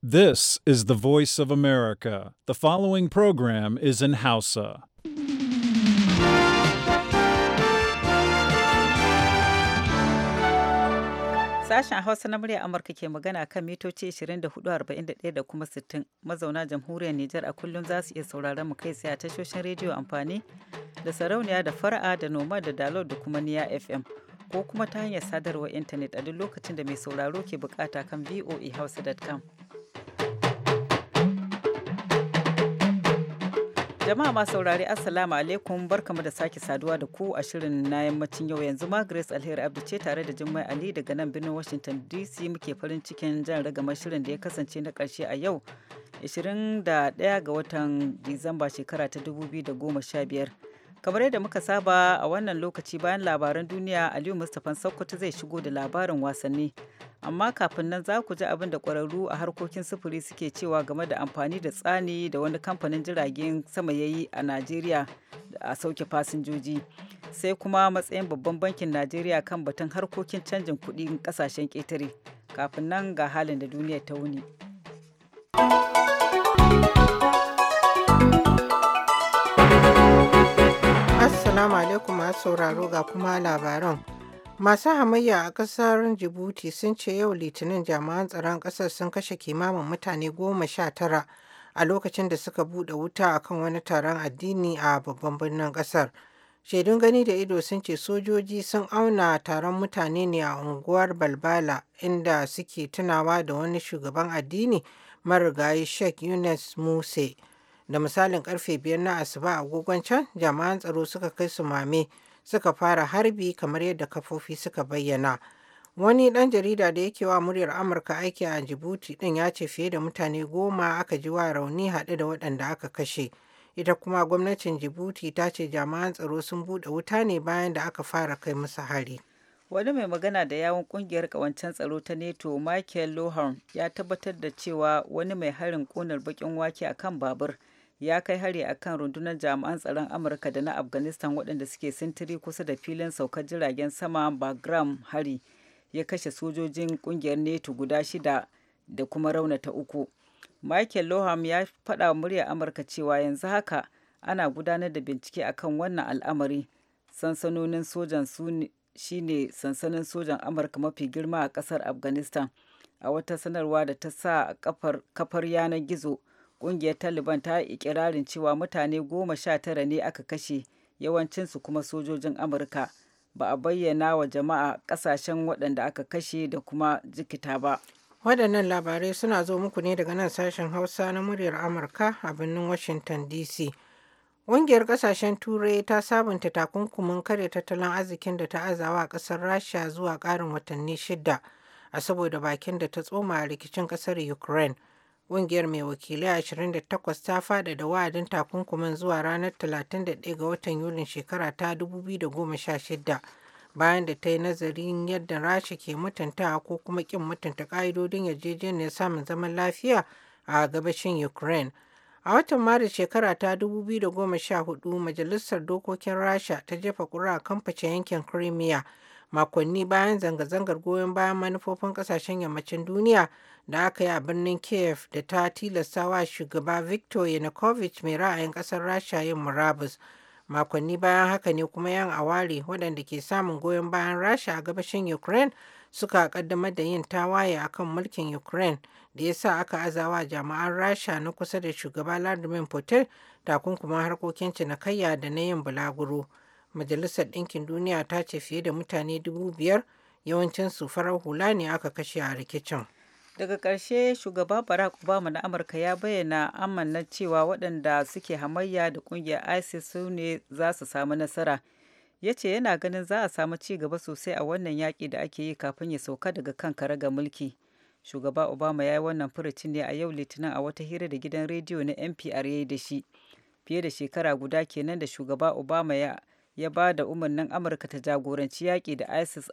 This is the voice of America. The following program is in Hausa. Sashen Hausa na murya Amurka ke magana kan mitoci 24,41 da kuma 60 mazauna jamhuriyar Nijar a kullum za su iya sauraron mu kai tsaye a tashoshin rediyo amfani da sarauniya da fara'a da noma da dalo da kuma niya FM. ko kuma ta hanyar sadarwar intanet a duk lokacin da mai sauraro ke bukata kan voahausa.com. Jama'a masu saurari Assalamu alaikum barkamu da sake saduwa da ku a shirin na yammacin yau yanzu ma Grace Alheri Abdu ce tare da Jummai Ali daga nan birnin Washington DC muke farin cikin jan ragamar shirin da ya kasance na karshe a yau 21 ga watan Disamba shekara ta 2015. kamar yadda muka saba a wannan lokaci bayan labaran duniya aliyu mustapha sokoto zai shigo da labarin wasanni amma kafin nan za ku ji abin da ƙwararru a harkokin sufuri suke cewa game da amfani da tsani da wani kamfanin jiragen sama ya yi a najeriya a sauke fasinjoji sai kuma matsayin babban bankin najeriya kan batun harkokin canjin kuɗi ƙasashen ƙetare kafin nan ga halin da duniya ta wuni. Assalamu alaikum masu sauraro ga kuma labaran. Masu hamayya a ƙasar Djibouti sun ce yau Litinin jami'an tsaron ƙasar sun kashe kimamin mutane goma sha tara a lokacin da suka buɗe wuta a kan wani taron addini a babban birnin ƙasar. Shaidun gani da ido sun ce sojoji sun auna taron mutane ne a unguwar Balbala inda suke tunawa da wani shugaban addini marigayi Sheikh Yunus Muse. da misalin karfe biyar na asuba a agogon can jami'an tsaro suka kai su mame suka fara harbi kamar yadda kafofi suka bayyana wani dan jarida da yake wa muryar amurka aiki a jibuti din ya ce fiye da mutane goma aka ji wa rauni haɗe da waɗanda aka kashe ita kuma gwamnatin jibuti ta ce jami'an tsaro sun buɗe wuta ne bayan da aka fara kai musu hari wani mai magana da yawon kungiyar kawancen tsaro ta neto michael lohan ya tabbatar da cewa wani mai harin konar bakin wake a kan babur ya kai hari a kan rundunar jami'an tsaron amurka da na afghanistan waɗanda suke sintiri kusa da filin saukar jiragen sama bagram hari ya kashe sojojin ƙungiyar neto guda shida da kuma raunata uku michael loham ya faɗa murya amurka cewa yanzu haka ana gudanar da bincike akan wannan al'amari sansanonin sojan su shine sansanin sojan amurka mafi girma a ƙasar afghanistan a wata sanarwa da ta sa kafar yanar gizo Ƙungiyar Taliban ta yi ikirarin cewa mutane goma sha tara ne aka kashe, yawancinsu kuma sojojin Amurka. Ba a bayyana wa jama'a kasashen waɗanda aka kashe da kuma jikita ba. Waɗannan labarai suna zo muku ne daga nan sashen Hausa na muryar Amurka a birnin Washington DC. Ƙungiyar ƙasashen Turai ta sabunta takunkumin kare tattalin arzikin da ta azawa a ƙasar Rasha zuwa ƙarin watanni shida a saboda bakin da ta tsoma a rikicin ƙasar Ukraine. Ƙungiyar mai wakilai 28 ta faɗaɗa wa'adin takunkumin zuwa ranar 31 ga watan Yulin shekara ta 2016 bayan da ta yi nazarin yadda Rasha ke mutunta ko kuma ƙin mutunta ƙa'idodin yarjejeniyar samun zaman lafiya a gabashin Ukraine. A watan Maris shekara ta 2014 Majalisar Dokokin Rasha ta jefa ƙuri'a kamface yankin Crimea makonni bayan zanga-zangar goyon bayan manufofin kasashen yammacin duniya da aka yi a birnin kiev da ta tilasta wa shugaba victor yanukovych mai ra'ayin kasar rasha yin murabus makonni bayan haka ne kuma yan aware waɗanda ke samun goyon bayan rasha a gabashin ukraine suka kaddamar da yin tawaye akan mulkin ukraine da ya sa aka azawa jami'an rasha na kusa da shugaba vladimir putin takunkuman harkokin cinikayya da na yin bulaguro. majalisar ɗinkin duniya ta ce fiye da mutane dubu biyar yawancin su farar hula ne aka kashe a rikicin daga ƙarshe shugaba barack obama na amurka ya bayyana amanna cewa waɗanda suke hamayya da ƙungiyar isis su ne za su samu nasara ya ce yana ganin za a samu ci gaba sosai a wannan yaƙi da ake yi kafin ya sauka daga kan kare ga mulki shugaba obama ya yi wannan furuci ne a yau litinin a wata hira da gidan rediyo na npr ya yi da shi fiye da shekara guda kenan da shugaba obama ya ya ba da umarnin amurka ta jagoranci yaƙi da isis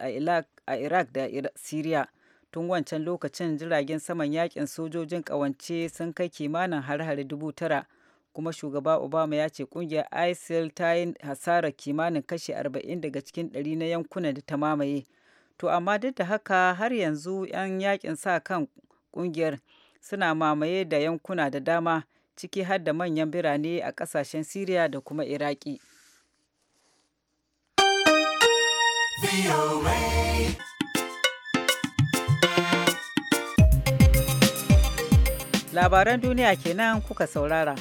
a iraq da syria tun wancan lokacin jiragen saman yaƙin sojojin ƙawance sun kai kimanin har hari dubu tara kuma shugaba obama ya ce ƙungiyar isil ta yi hasarar kimanin kashe arba'in daga cikin ɗari na yankunan da ta mamaye to amma duk da haka har yanzu 'yan yakin sa kan ƙungiyar suna mamaye da yankuna da dama ciki har da manyan birane a kasashen siriya da kuma iraki Labaran duniya kenan kuka saurara.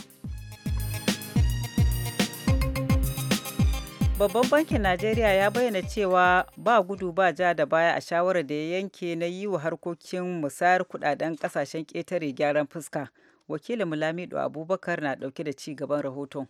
Babban bankin Najeriya ya bayyana cewa ba gudu ba ja da baya a shawarar da ya yanke na yi wa harkokin musayar kudaden kasashen ƙetare gyaran fuska. Wakilin Mulamidu Abubakar na ɗauke da ci gaban rahoton.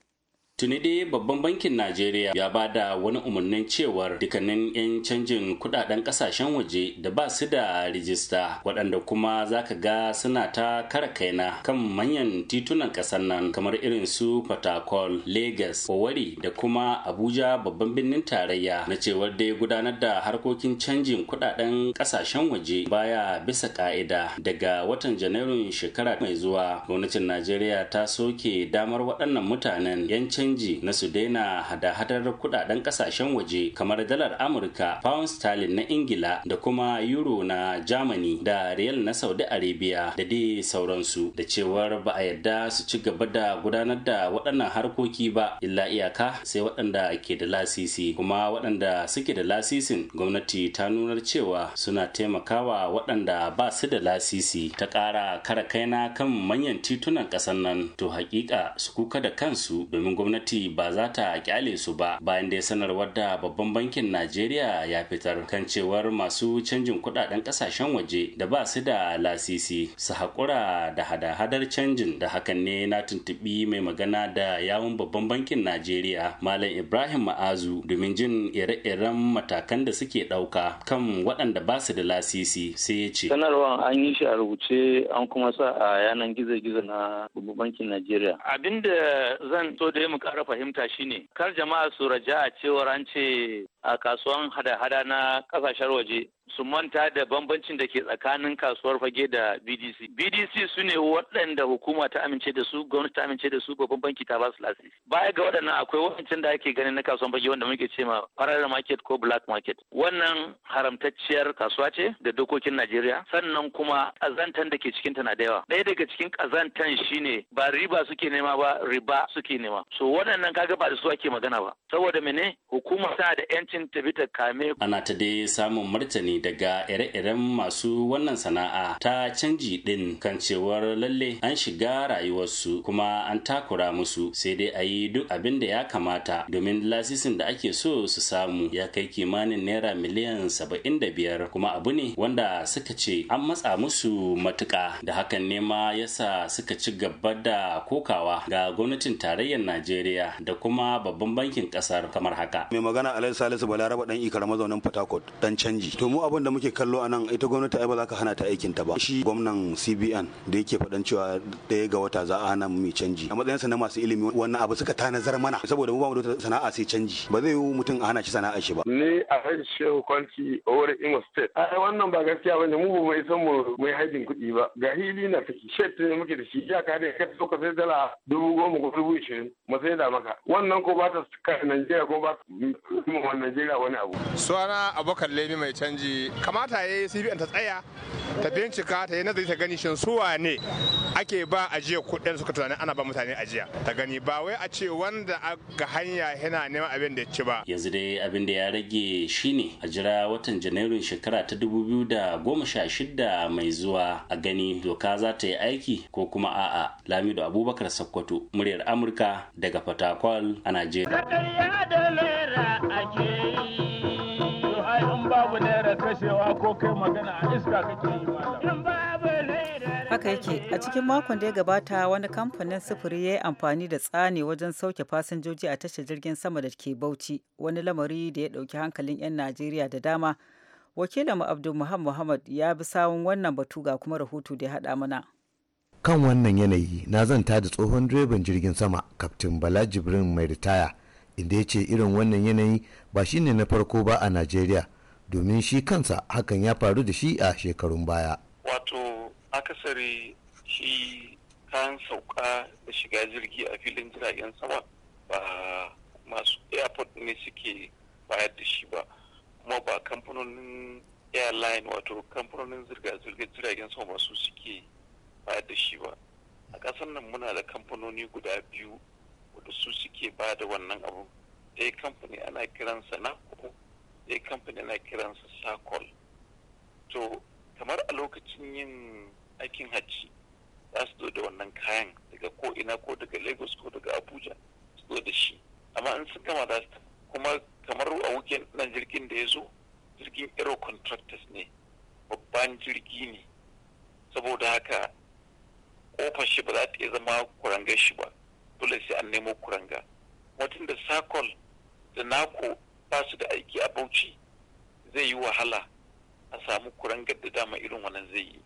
Tuni dai babban bankin Najeriya ya ba da wani umarnin cewar dukkanin 'yan canjin kudaden kasashen waje da ba su da rijista waɗanda kuma za ka ga suna ta kara kaina kan manyan titunan ƙasar nan kamar irin su Fatakol, Legas, Owari da kuma Abuja babban birnin tarayya na cewar dai gudanar da harkokin canjin kudaden kasashen waje baya bisa ka'ida daga watan Janairun shekara mai zuwa gwamnatin Najeriya ta soke damar waɗannan mutanen 'yan canji na su daina hada-hadar kudaden kasashen waje kamar dalar amurka pound sterling na ingila da kuma euro na germany da riyal na saudi arabia da dai sauransu da cewar ba a yarda su ci gaba da gudanar da waɗannan harkoki ba illa iyaka sai waɗanda ke da lasisi kuma waɗanda suke da lasisin gwamnati ta nunar cewa suna taimakawa waɗanda ba su da lasisi ta ƙara kara kaina kan manyan titunan ƙasar nan to hakika su kuka da kansu domin gwamnati gwamnati ba za ta kyale su ba bayan da ya sanarwar da babban bankin najeriya ya fitar kan cewar masu canjin kudaden kasashen waje da ba su da lasisi su haƙura da hada-hadar canjin da hakan ne na tuntubi mai magana da yawun babban bankin najeriya malam ibrahim ma'azu domin jin ire-iren matakan da suke ɗauka kan waɗanda ba su da lasisi sai ya ce sanarwar an yi shi a rubuce an kuma sa a yanan gizo-gizo na babban bankin najeriya abinda zan so da ya ƙara fahimta shine kar jama'a su raja a cewar an ce a kasuwan hada-hada na ƙasashen waje su manta da bambancin da ke tsakanin kasuwar fage da BDC. BDC su ne waɗanda hukuma ta amince da su, gwamnati ta amince da su, babban banki ta ba su lasisi. Baya ga waɗannan akwai wancan da ake ganin na kasuwar fage wanda muke ce ma farar market ko black market. Wannan haramtacciyar kasuwa ce da dokokin Najeriya, sannan kuma kazantan da ke cikin tana da yawa. Ɗaya daga cikin kazantan shine ba riba suke nema ba, riba suke nema. So waɗannan kaga ba da su ake magana ba. Saboda mene hukuma tana da 'yancin ta bi ta kame. Ana ta dai samun martani daga ire-iren masu wannan sana'a ta canji din kan cewar lalle an shiga rayuwarsu kuma an takura musu sai dai a yi duk abin da ya kamata domin lasisin da ake so su samu ya kai kimanin naira miliyan saba'in da biyar kuma abu ne wanda suka ce an matsa musu matuka da hakan nema yasa suka ci gaba da kokawa ga gwamnatin tarayyar najeriya da kuma babban bankin kasar kamar haka mai magana alai salisu balaraba dan ikara mazaunin port harcourt dan canji to mu abin da muke kallo a nan ita gwamnati ai ba za ka hana ta aikin ta ba shi gwamnan CBN da yake faɗan cewa ɗaya ga wata za a hana mu canji a matsayin sa na masu ilimi wannan abu suka ta nazar mana saboda mu ba mu da sana'a sai canji ba zai yiwu mutum a hana shi sana'a shi ba ni a shehu kwanci over Imo State ai wannan ba gaskiya bane mu ba mu san mu mai haidin kuɗi ba ga hili na take shet ne muke da shi ya ka da ka so ka sai dala dubu goma ko dubu ishirin mu sai da maka wannan ko ba ta kai Najeriya ko ba ta mu Najeriya wani abu suna abokan lebi mai canji kamata ya yi cbn ta tsaya ta bincika ta yi nazari ta gani shin suwa ne ake ba ajiya kuɗin suka tunanin ana ba mutane ajiya ta gani ba wai a ce wanda ga hanya yana neman abin da ci ba yanzu dai abin da ya rage shine a jira watan janairun shekara ta dubu biyu da goma sha shida mai zuwa a gani doka za ta yi aiki ko kuma a'a lamido abubakar sakkwato muryar amurka daga fatakwal a najeriya fashewa haka yake a cikin makon da ya gabata wani kamfanin sufuri ya yi amfani da tsani wajen sauke fasinjoji a tashar jirgin sama da ke bauchi wani lamari da ya dauki hankalin 'yan najeriya da dama wakilin abdul muhammad ya bi sawun wannan batu ga kuma rahoto da ya haɗa mana kan wannan yanayi na zanta da tsohon direban jirgin sama kaftin bala jibrin mai ritaya inda ya ce irin wannan yanayi ba shine na farko ba a najeriya domin shi kansa hakan ya faru da shi a shekarun baya wato akasari shi kan sauka da shiga jirgi a filin jiragen sama ba masu airport ne suke bayar da shi ba kuma ba kamfanonin airline wato kamfanonin zirga-zirgar jiragen sama ba su suke bayar da shi ba a ƙasar nan muna da kamfanoni guda biyu wadda su suke ba da wannan abu ɗaya kamfani ana kiransa na ko sai kamfani na kiransa sakol to kamar a lokacin yin aikin hajji za su zo da wannan kayan daga ko ina ko daga lagos ko daga abuja su zo da shi amma in sun gama za su kuma kamar a wuken nan jirgin da ya zo jirgin aero contractors ne babban jirgi ne saboda haka kofar shi ba za ta iya zama kurangar shi ba dole sai an nemo kuranga mutum da sakol da nako ba su da aiki a bauchi zai yi wahala a samu kurangar da dama irin wannan zai yi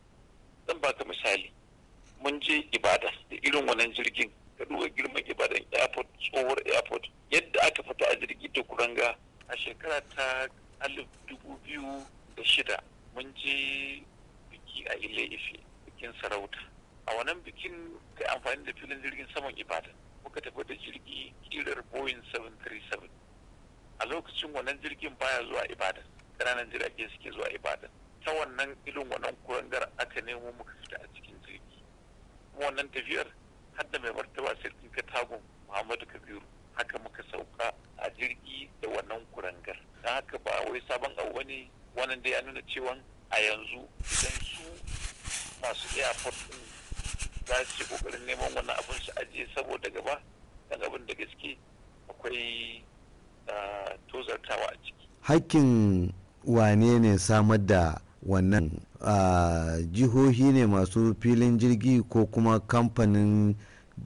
zan baka misali mun je ibada da irin wannan jirgin ka duba girman ibadan airport tsohuwar airport yadda aka fita a jirgi da kuranga a shekara ta alif dubu biyu da shida mun je biki a ile ife bikin sarauta a wannan bikin ka amfani da filin jirgin saman ibadan muka tafi da jirgi kirar boeing 737 a lokacin wannan jirgin baya zuwa ibadan ƙananan jirage suke zuwa ibadan ta wannan ilin wannan kurangar aka nemo muka fita a cikin jirgi kuma wannan tafiyar har da mai martaba sarkin katagun muhammadu kabiru haka muka sauka a jirgi da wannan kurangar don haka ba wai sabon abu bane wannan da ya nuna cewa a yanzu idan su masu airport ɗin za su kokarin neman wannan abun su ajiye saboda gaba dan abin da gaske akwai tozartawa a ciki hakkin wane ne samar da wannan jihohi ne masu filin jirgi ko kuma kamfanin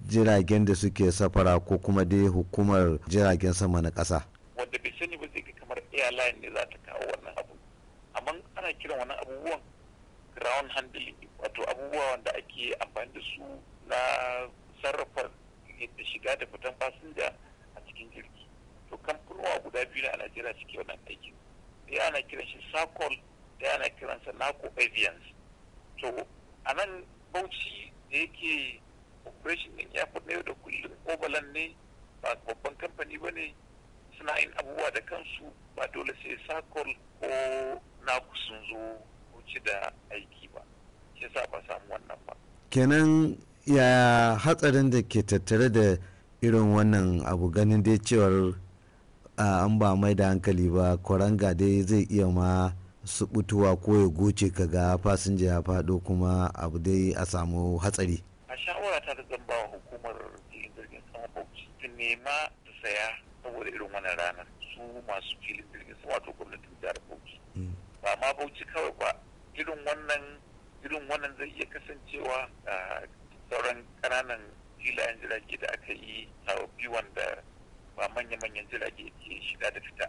jiragen da suke safara ko kuma dai hukumar jiragen sama na ƙasa wanda bai sani ba zai kamar airline ne za ta kawo wannan abu amma ana kiran wannan abubuwan ground handling wato abubuwa wanda ake amfani da su na sarrafa yadda shiga da fitan fasinja a cikin jirgi to kamfanuwa guda biyu a najeriya suke wannan aikin da ana kiran shi sakol ɗaya ana kiransa nako avians to a nan bauchi da yake operation din ya na yau da kullum overland ne ba babban kamfani ba ne suna yin abubuwa da kansu ba dole sai sakol ko naku sun zo wuce da aiki ba shi sa ba samu wannan ba kenan ya hatsarin da ke tattare da irin wannan abu ganin dai cewar an ba mai da hankali ba kwaranga dai zai iya ma su butuwa ko ya goce ka ga fasinja ya faɗo kuma abu dai a samu hatsari a sha'awar ta da zan bawa hukumar jirgin sama bauchi ta nema ta saya saboda irin wannan ranar su masu filin jirgin sama wato gwamnatin jihar bauchi mm. ba ma bauchi kawai ba irin wannan irin wannan zai iya kasancewa sauran kananan filayen jirage da aka yi a sababbi wanda ba manya-manyan jirage ke shiga da fita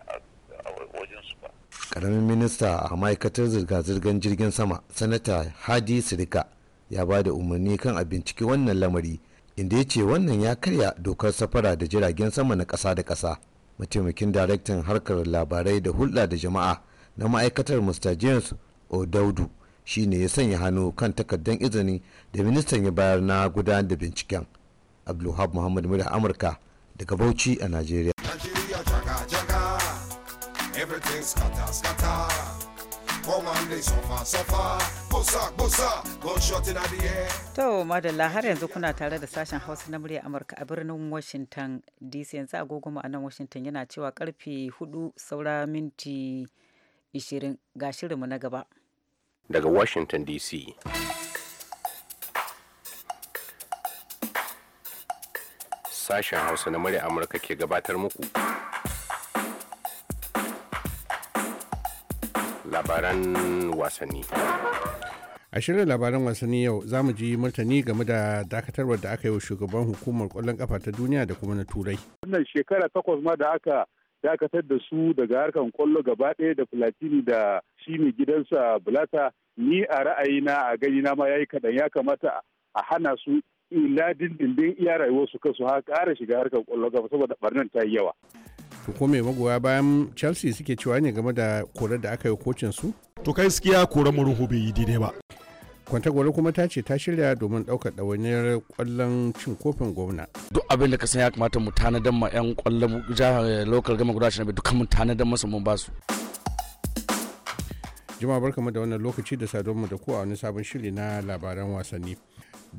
a wajensu ba karamin minista a ma'aikatar zirga-zirgar jirgin sama sanata hadi sirika ya ba da umarni kan a binciki wannan lamari inda ya ce wannan ya karya dokar safara da jiragen sama na ƙasa da ƙasa mataimakin daraktan harkar labarai da hulɗa da jama'a na ma'aikatar mr james o'daudu shine ya sanya hannu kan takardar izini da ministan ya bayar na gudanar da binciken abdulhab muhammad Mura amurka daga Bauchi a Najeriya. Everything To, madalla har yanzu kuna tare da sashen Hausa na murya Amurka a birnin Washington DC yanzu agogo a nan Washington yana cewa karfe 4 saura minti 20 ga shirinmu na gaba. Daga Washington DC. sashen hausa na murya amurka ke gabatar muku labaran wasanni a shirin labaran wasanni yau za mu ji martani game da dakatarwar da aka yi wa shugaban hukumar kwallon kafa ta duniya da kuma na turai wannan shekara takwas ma da aka dakatar da su daga harkan kwallo gaba ɗaya da platini da shine gidansa bulata ni a ra'ayina a gani na ma yayi kaɗan ya kamata a hana su ila dindindin iya rayuwar su kansu ha kara shiga harkar ƙwallon gaba saboda barnan ta yi yawa. to ko mai magoya bayan chelsea suke cewa ne game da korar da aka yi kocin su to kai gaskiya korar murhu bai yi daidai ba kwanta gore kuma ta ce ta shirya domin ɗaukar ɗawainiyar kwallon cin kofin gwamna duk abin da ka san ya kamata mu tanadan ma 'yan kwallon jihar eh, local gama guda ashirin dukkan mu tanadan masu mun basu jama'a barkamu da wannan lokaci da sadonmu da ku a wani sabon shiri na labaran wasanni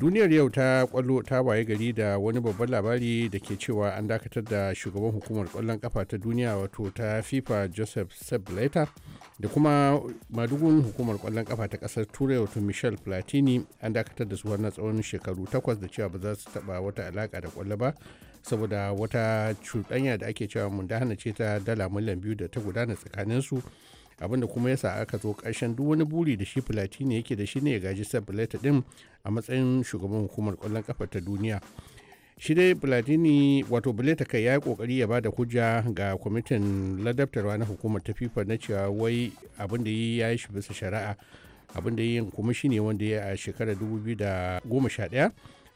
duniyar yau ta kwallo ta waye gari da wani babban labari da ke cewa an dakatar da shugaban hukumar kwallon kafa ta duniya wato ta fifa joseph sablata da kuma madugun hukumar kwallon kafa ta kasar turai wato michel platini an dakatar da su na tsawon shekaru takwas da cewa ba za su taba wata alaka da kwallo ba saboda wata cuɗanya da ake cewa hana ce ta dala miliyan biyu da ta gudana tsakaninsu da kuma yasa aka zo ƙarshen duk wani buri da shi platini yake da shi ne ya gaji sa blatter din a matsayin shugaban hukumar kwallon kafa ta duniya shi dai platini wato bileta kai ya yi kokari ya bada hujja ga kwamitin ladabtarwa na hukumar ta fifa na cewa wai abin da yi ya yi shi bisa shari'a abin da yi kuma shine wanda ya a shekarar 2011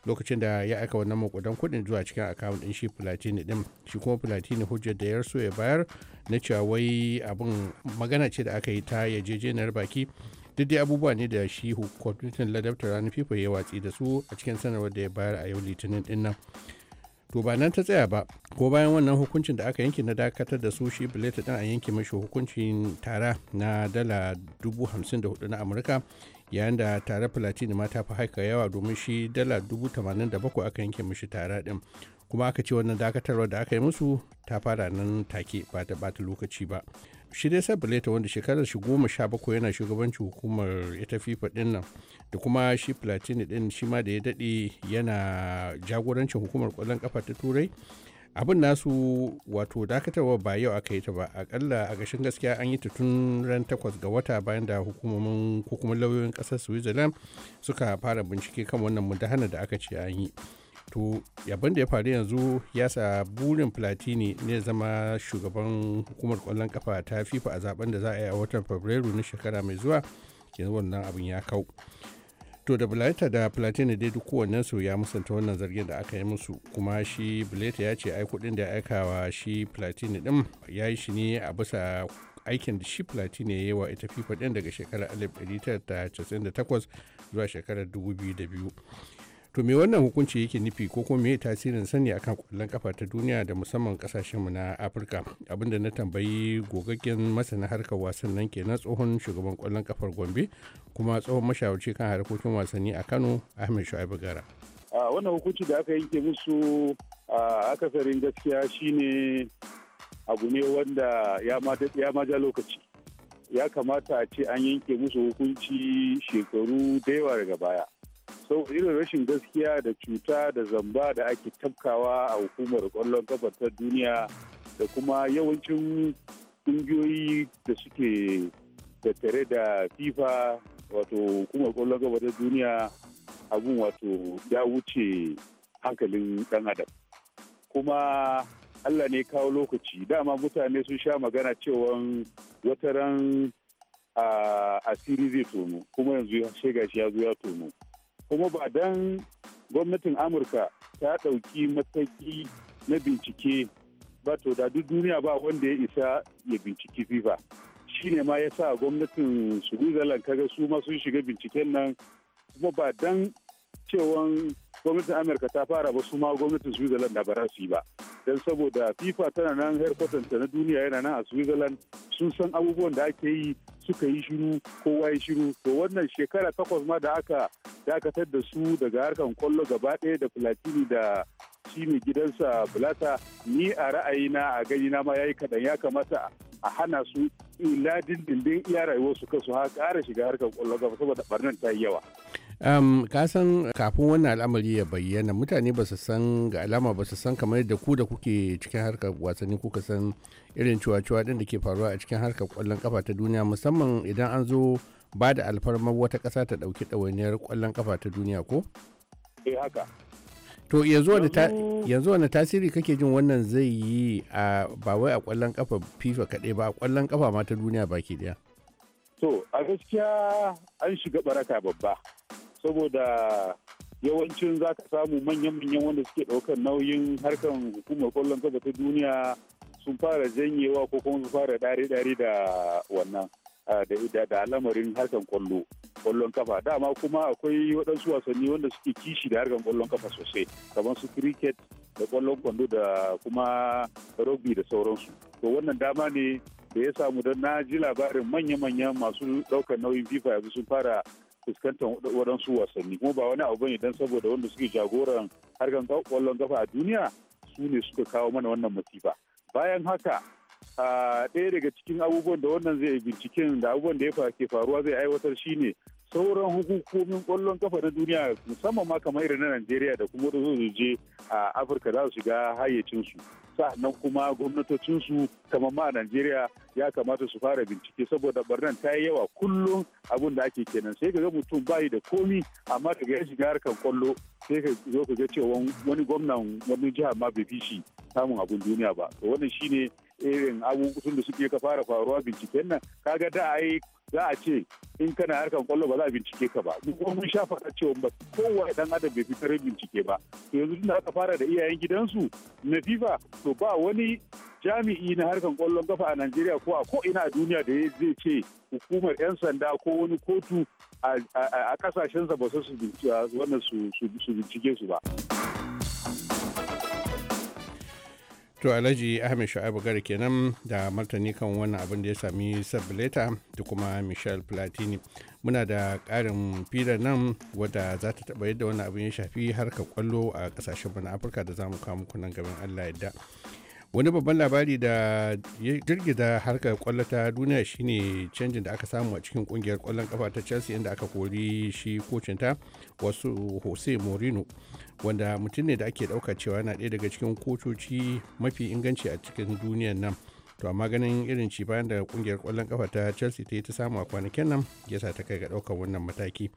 lokacin da ya aika wannan makudan kudin zuwa cikin akawun din shi platini din shi kuma platini hujjar da ya ya bayar na cewa wai abin magana ce da aka yi ta yajejeniyar baki duk abubuwa ne da shi kwamitin ladabtar ranar fifa ya watsi da su a cikin sanarwar da ya bayar a yau litinin din nan to ba nan ta tsaya ba ko bayan wannan hukuncin da aka yanke na dakatar da su shi bileta din a yanke mashi hukuncin tara na dala 54 na amurka yayin da tare platini ma ta fi haika yawa domin shi dala 87,000 aka yanke mishi tara din kuma aka ce wannan dakatarwa da aka yi musu ta fara nan take ba ta bata lokaci ba shi dai bileta wanda shekarar shi goma sha bakwai yana shugabancin hukumar ita fifa din nan da kuma shi platini din shi ma da ya daɗe yana jagorancin hukumar kwallon kafa ta turai abin nasu wato dakatarwa ba yau aka yi ta ba akalla a gashin gaskiya an yi ta tun ran takwas ga wata bayan da hukumomin hukumar lauyoyin ƙasar switzerland suka fara bincike kan wannan mudahana da aka ce an yi to yabon da ya faru yanzu ya sa burin platini ne zama shugaban hukumar kwallon kafa ta fifa a zaben da za a yi a watan fabrairu na shekara mai zuwa yanzu wannan abin ya kau to da bulaita da platina dai duk kowannensu su ya musanta wannan zargin da aka yi musu kuma shi bulaita ya ce ai kudin da aikawa shi platina din ya yi shi ne a bisa aikin da shi platina ya yi wa ita fifa din daga shekarar 1998 zuwa shekarar 2002 to me wannan hukunci yake nufi ko kuma me tasirin sani akan kwallon kafa ta duniya da musamman kasashen mu na afirka abinda na tambayi gogaggen masana harkar ke kenan tsohon shugaban kwallon kafar gombe kuma tsohon mashawarci kan harkokin wasanni a kano ahmed shu'aibu gara wannan hukunci da aka yanke musu akasarin gaskiya shine abu ne wanda ya ma ja lokaci ya kamata a ce an yanke musu hukunci shekaru da yawa daga baya sau irin rashin gaskiya da cuta da zamba da ake tabkawa a hukumar kwallon kafar ta duniya da kuma yawancin kungiyoyi da suke tattare da fifa wato hukumar kwallon kafar ta duniya abun wato ya wuce hankalin dan adam kuma allah ne kawo lokaci dama mutane sun sha magana cewa wataran ah, asiri zai tono kuma yanzu ya shiga shi ya zo ya tono kuma ba dan gwamnatin amurka ta ɗauki mataki na bincike ba to da duk duniya ba wanda ya isa ya binciki fifa shine ma ya sa gwamnatin switzerland kaga su ma sun shiga binciken nan kuma ba dan cewan gwamnatin amurka ta fara ba su ma gwamnatin switzerland da ba su yi ba don saboda fifa tana nan headquarters na duniya yana nan a switzerland sun san abubuwan da ake yi suka yi shiru kowa ya shiru to wannan shekara takwas ma da aka dakatar da su daga harkan kwallo gaba ɗaya da platini da shi mai gidansa bulata ni a ra'ayina a gani na ma yayi kaɗan ya kamata a hana su ladin dindin iya rayuwarsu kansu ha ƙara shiga harkan kwallo gaba saboda barnan ta yi yawa. um, kasan kafin wannan al'amari ya bayyana mutane ba su san ga alama ba su san kamar da ku da kuke cikin harkar wasanni kuka san irin cuwa-cuwa din da ke faruwa a cikin harkar kwallon kafa ta duniya musamman idan an zo ba da alfarmar wata ƙasa ta ɗauki ɗawainiyar kwallon kafa ta duniya ko? eh haka to yanzu wani tasiri kake jin wannan zai yi a ba wai a kwallon kafa fifa kaɗai ba a kwallon kafa ma ta duniya baki ɗaya to a gaskiya an shiga baraka babba saboda yawancin za ka samu manyan-manyan wanda suke ɗaukar nauyin harkar hukumar kwallon kafa ta duniya sun fara janyewa ko kuma sun fara dare-dare da wannan da lamarin harkar kwallo kwallon kafa dama kuma akwai waɗansu wasanni wanda suke kishi da harkar kwallon kafa sosai kamar su cricket da kwallon kwando da kuma rugby da sauransu to wannan dama ne da ya samu don na ji labarin manya-manyan masu ɗaukar nauyin fifa yanzu sun fara fuskantar waɗansu wasanni kuma ba wani abu ne dan saboda wanda suke jagoran harkar kwallon kafa a duniya su ne suka kawo mana wannan masifa bayan haka ɗaya daga cikin abubuwan da wannan zai binciken da abubuwan da ya ke faruwa zai aiwatar shine sauran hukumomin kwallon kafa na duniya musamman ma kamar irin na Najeriya da kuma da je a Afirka za su shiga hayyacinsu. Sa'annan kuma gwamnatocinsu kamar ma a Najeriya ya kamata su fara bincike saboda barnan ta yi yawa kullum abin da ake kenan sai ka ga mutum bayi da komi amma daga ya shiga harkar kwallo sai ka zo ka ga cewa wani gwamnan wani jihar ma bai fi shi samun abin duniya ba. To wannan shine irin abubuwan da suke ka fara faruwa binciken nan kaga da ai za a ce in kana harkan kwallo ba za a bincike ka ba duk mun sha faɗa cewa ba kowane dan adam bai fitar bincike ba to yanzu tun aka fara da iyayen gidansu na FIFA to ba wani jami'i na harkan kwallon kafa a Najeriya ko a ko ina a duniya da zai ce hukumar 'yan sanda ko wani kotu a kasashensa ba su wannan su bincike su ba. to alhaji ahmed shu'aibu gari kenan da martani kan wannan abin da ya sami sabbileta da kuma michel platini muna da karin fira nan wadda za ta taba yadda wannan abin ya shafi harkar kwallo a kasashen bana afirka da za mu kawo muku nan gaban allah yadda wani babban labari da ya girgiza harkar kwallo ta duniya shine canjin da aka samu a cikin kungiyar kwallon kafa ta chelsea inda aka kori shi kocinta wasu jose mourinho wanda mutum ne da ake ɗauka cewa yana ɗaya daga cikin kotoci mafi inganci a cikin duniyar nan to amma ganin irin ci bayan da kungiyar kwallon kafa ta chelsea ta yi ta samu a kwanakin nan yasa ta kai ga ɗaukar wannan mataki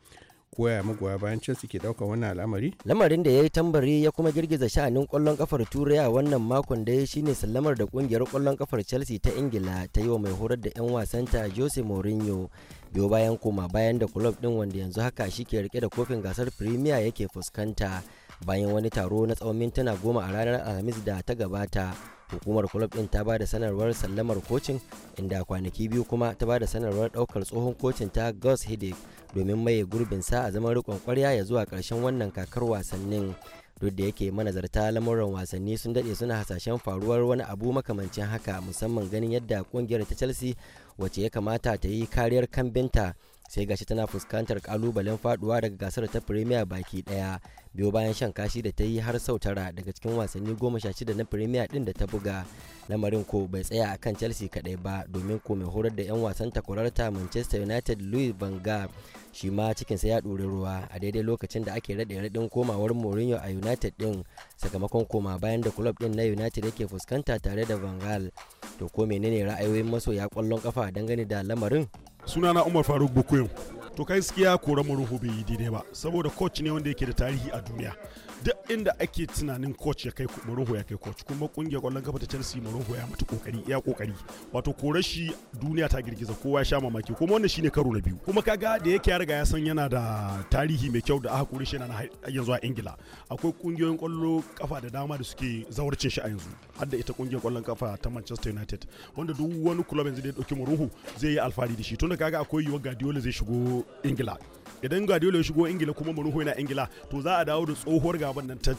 ko koya magoya bayan Chelsea ke ɗaukar wannan al'amari? Lamarin da ya yi tambari ya kuma girgiza sha'anin ƙwallon kafar Turai a wannan makon da ya shine sallamar da kungiyar ƙwallon kafar Chelsea ta Ingila ta yi wa mai horar da 'yan wasanta Jose Mourinho biyo bayan koma bayan da kulob ɗin wanda yanzu haka shi ke rike da kofin gasar Premier yake fuskanta. bayan wani taro na tsawon mintuna goma a ranar alhamis da ta gabata hukumar kulob din ta ba da sanarwar sallamar kocin inda kwanaki biyu kuma ta ba da sanarwar daukar tsohon kocin ta gus hidik domin maye gurbin sa a zaman rikon kwarya ya zuwa karshen wannan kakar wasannin duk da yake manazarta lamuran wasanni sun dade suna hasashen faruwar wani abu makamancin haka musamman ganin yadda kungiyar ta chelsea wacce ya kamata ta yi kariyar kambinta sai gashi tana fuskantar kalubalen faduwa daga gasar ta premier baki daya biyo bayan shan kashi da ta yi har sau tara daga cikin wasanni goma sha shida na premier din da ta buga lamarin ko bai tsaya a kan chelsea kadai ba domin ko mai horar da 'yan wasan takwararta manchester united louis van gaal shi ma cikinsa ya ɗori ruwa a daidai lokacin da ake raɗe raɗin komawar mourinho a united din sakamakon koma bayan da club din na united yake fuskanta tare da van gaal to ko menene ra'ayoyin masoya kwallon kafa dangane da lamarin sunana umar faruk bukuyin to gaskiya kora ruhu bai yi daidai ba saboda coach ne wanda yake da tarihi a duniya duk inda ake tunanin coach ya kai Mourinho ya kai coach kuma kungiyar kwallon kafa ta Chelsea Mourinho ya mutu kokari ya kokari wato kore shi duniya ta girgiza kowa ya sha mamaki kuma wannan shine karo na biyu kuma kaga da yake ya riga ya san yana da tarihi mai kyau da aka kore shi yana yanzu a Ingila akwai kungiyoyin kwallo kafa da dama da suke zawarce shi a yanzu har da ita kungiyar kwallon kafa ta Manchester United wanda duk wani club yanzu da ya dauki Mourinho zai yi alfahari da shi tunda kaga akwai yiwuwar Guardiola zai shigo Ingila idan Guardiola ya shigo Ingila kuma Mourinho yana Ingila to za a dawo da tsohuwar gaban nan ta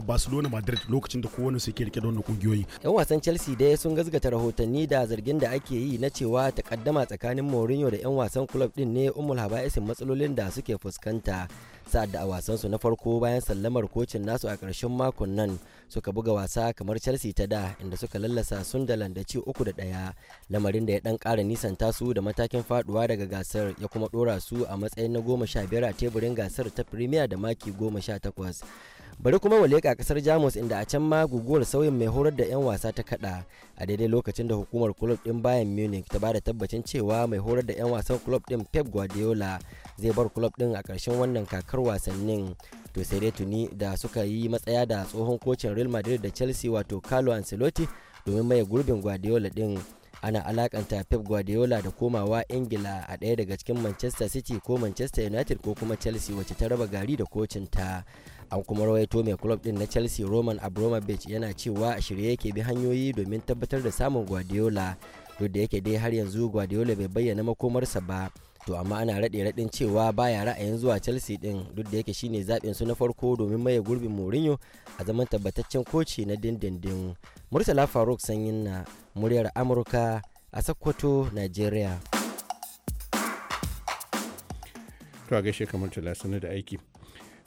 Barcelona Madrid lokacin da kowanne su rike da wannan kungiyoyi yan wasan Chelsea dai sun gazgata rahotanni da zargin da ake yi na cewa takaddama tsakanin Mourinho da yan wasan club din ne umul habaisin matsalolin da suke fuskanta sa'ad da a wasansu na farko bayan sallamar kocin nasu a ƙarshen makon nan suka buga wasa kamar chelsea ta da inda suka lallasa sundalan da ci uku da ɗaya lamarin da ya ɗan ƙara nisan tasu da matakin faduwa daga gasar ya kuma ɗora su a matsayin na goma sha biyar a teburin gasar ta premier da maki goma sha takwas bari kuma wale leƙa kasar jamus inda a can ma guguwar sauyin mai horar da 'yan wasa ta kaɗa a daidai lokacin da hukumar kulob din bayan munich ta ba da tabbacin cewa mai horar da 'yan wasan kulob din pep guardiola zai bar club din a karshen wannan kakar wasannin to sai dai tuni da suka yi matsaya da tsohon kocin real madrid da chelsea wato carlo ancelotti domin maye gurbin guardiola din ana alakanta pep guardiola da komawa ingila a ɗaya daga cikin manchester city ko manchester united ko kuma chelsea wacce ta raba gari da kocin ta an kuma rawaito mai club din na chelsea roman abramovich yana cewa a shirye yake bi hanyoyi domin tabbatar da samun guardiola duk da yake dai har yanzu guardiola bai bayyana makomarsa ba to amma ana raɗe raɗin cewa baya ra'ayin zuwa chelsea ɗin duk da yake shine zaɓin su na farko domin maye gurbin mourinho a zaman tabbataccen koci na dindindin murtala faruk sanyin na muryar amurka a sokoto nigeria to a gaishe kamar tala da aiki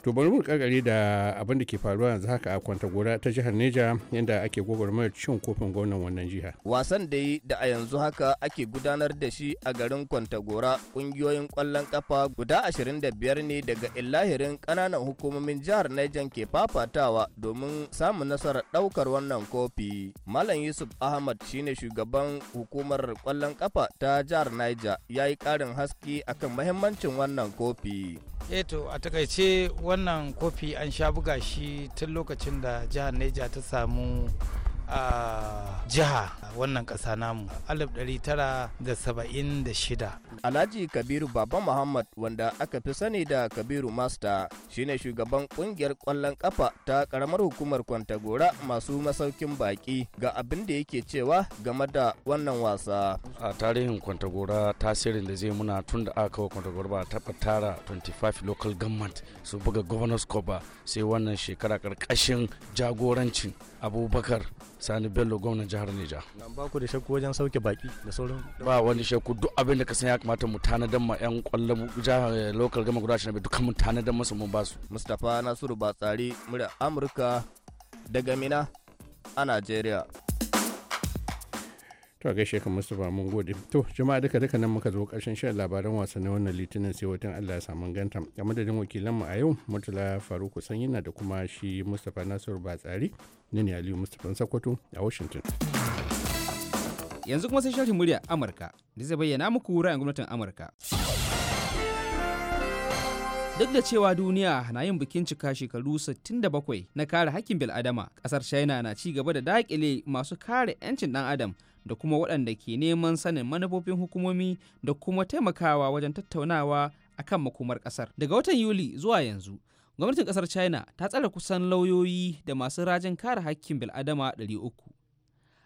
to bari mu da abin da ke faruwa yanzu haka a kwantagora ta jihar neja yadda ake gwagwarmayar cin kofin gwamnan wannan jiha wasan da yi da a yanzu haka ake gudanar da shi a garin kwantagora kungiyoyin kwallon kafa guda 25 ne daga illahirin kananan hukumomin jihar neja ke fafatawa domin samun nasarar daukar wannan kofi malam yusuf ahmad shine shugaban hukumar kwallon kafa ta jihar neja ya yi karin haske akan mahimmancin wannan kofi eto eh a takaice wannan kofi an sha buga shi tun lokacin da jihar neja ta samu a jiha wannan ƙasa namu ɗari tara da da saba'in shida. alhaji kabiru baba muhammad wanda aka fi sani da kabiru master shine shugaban ƙungiyar ƙwallon ƙafa ta ƙaramar hukumar kwantagora masu masaukin baƙi, ga abin da yake cewa game da wannan wasa a tarihin kwantagora tasirin da zai muna tun da aka kawo kwantagora ba taɓa tara 25 local government su buga governors cup sai wannan shekara ƙarƙashin jagorancin abubakar sani bello gwamnan jihar neja ba ku da shakku wajen sauke baki da sauran ba wani shakku duk abin da ka san ya kamata mu tanadan ma yan kwallon jihar eh, local gama guda shi dukkan mu tanadan masu mun basu mustapha nasiru batsari murya amurka daga mina a najeriya to gaishe ka mustapha mun gode to jama'a duka duka nan muka zo karshen shan labaran wasannin wannan litinin sai watan allah ya samu ganta da madadin wakilan mu a yau murtala faruku yana da kuma shi mustapha nasiru batsari ne ne aliyu mustapha sakkwato a washington yanzu kuma sai shafin murya amurka da zai bayyana muku ra'ayin gwamnatin amurka duk da cewa duniya na yin bikin cika shekaru 67 na kare hakkin bil'adama kasar china na ci gaba da dakile masu kare 'yancin dan adam da kuma waɗanda ke neman sanin manufofin hukumomi da kuma taimakawa wajen tattaunawa a kan makomar ƙasar. Daga watan Yuli zuwa yanzu, gwamnatin ƙasar China ta tsare kusan lauyoyi da masu rajin kare hakkin bil'adama 300.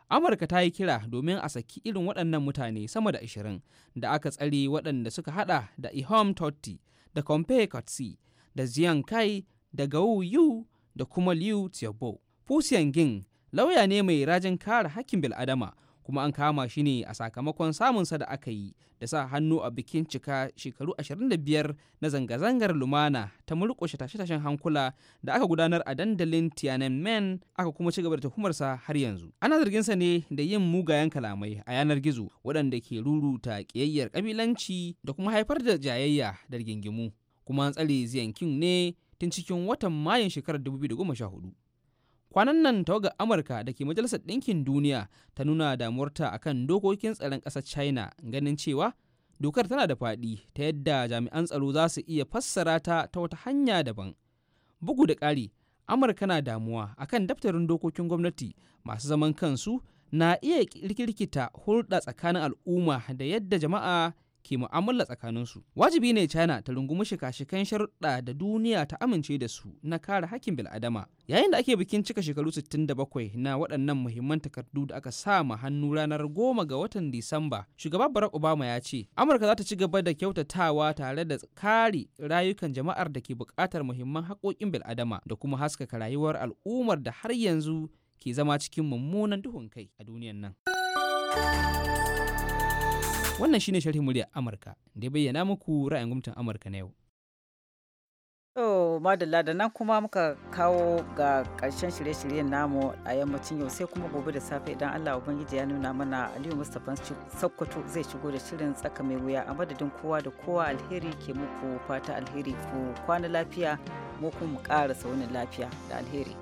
Amurka ta yi kira domin a saki irin waɗannan mutane sama da 20 da aka tsare waɗanda suka haɗa da Ihom Totti da Kompe Kotsi da Ziyan Kai da gawu Yu da kuma Liu Xiaobo. Fusiyan gin lauya ne mai rajin kare hakkin bil'adama kuma an kama shi ne a sakamakon samunsa da aka yi da sa hannu a bikin cika shekaru 25 na zanga-zangar lumana ta murƙushe tashe-tashen hankula da aka gudanar a dandalin tiananmen aka kuma ci gaba da tuhumarsa har yanzu ana zargin sa ne da yin mugayen kalamai a yanar gizo waɗanda ke ruruta ƙiyayyar ƙabilanci da kuma haifar da jayayya da rigingimu kuma an tsare ziyan ne tun cikin watan mayun shekarar 2014 kwanan nan tawaga amurka da ke majalisar ɗinkin duniya ta nuna damuwarta akan dokokin tsaron ƙasar china ganin cewa dokar tana da faɗi ta yadda jami'an tsaro za su iya fassara ta ta wata hanya daban bugu da ƙari amurka na damuwa akan daftarin dokokin gwamnati masu zaman kansu na iya rikirkita hulɗa tsakanin al'umma da yadda jama'a ke mu'amala su. Wajibi ne China ta rungumi shika-shikan sharuɗa da duniya ta amince da su na kare hakkin bil'adama. Yayin da ake bikin cika shekaru 67 na waɗannan muhimman takardu da aka sa ma hannu ranar 10 ga watan Disamba, shugaba Barack Obama ya ce, Amurka za ta ci gaba da kyautatawa tare da kare rayukan jama'ar da ke buƙatar muhimman haƙoƙin bil'adama da kuma haskaka rayuwar al'ummar da har yanzu ke zama cikin mummunan duhun kai a duniyan nan. Wannan shine sharhin muryar Amurka da bayyana muku ra'ayin gwamnatin Amurka na yau. To madalla da nan kuma muka kawo ga ƙarshen shirye-shiryen namu a yammacin yau sai kuma gobe da safe idan Allah Ubangiji ya nuna mana Aliyu Mustapha Sokoto zai shigo da shirin tsaka mai wuya a madadin kowa da kowa alheri ke muku fata alheri ku kwana lafiya mu kuma ƙara saunin lafiya da alheri.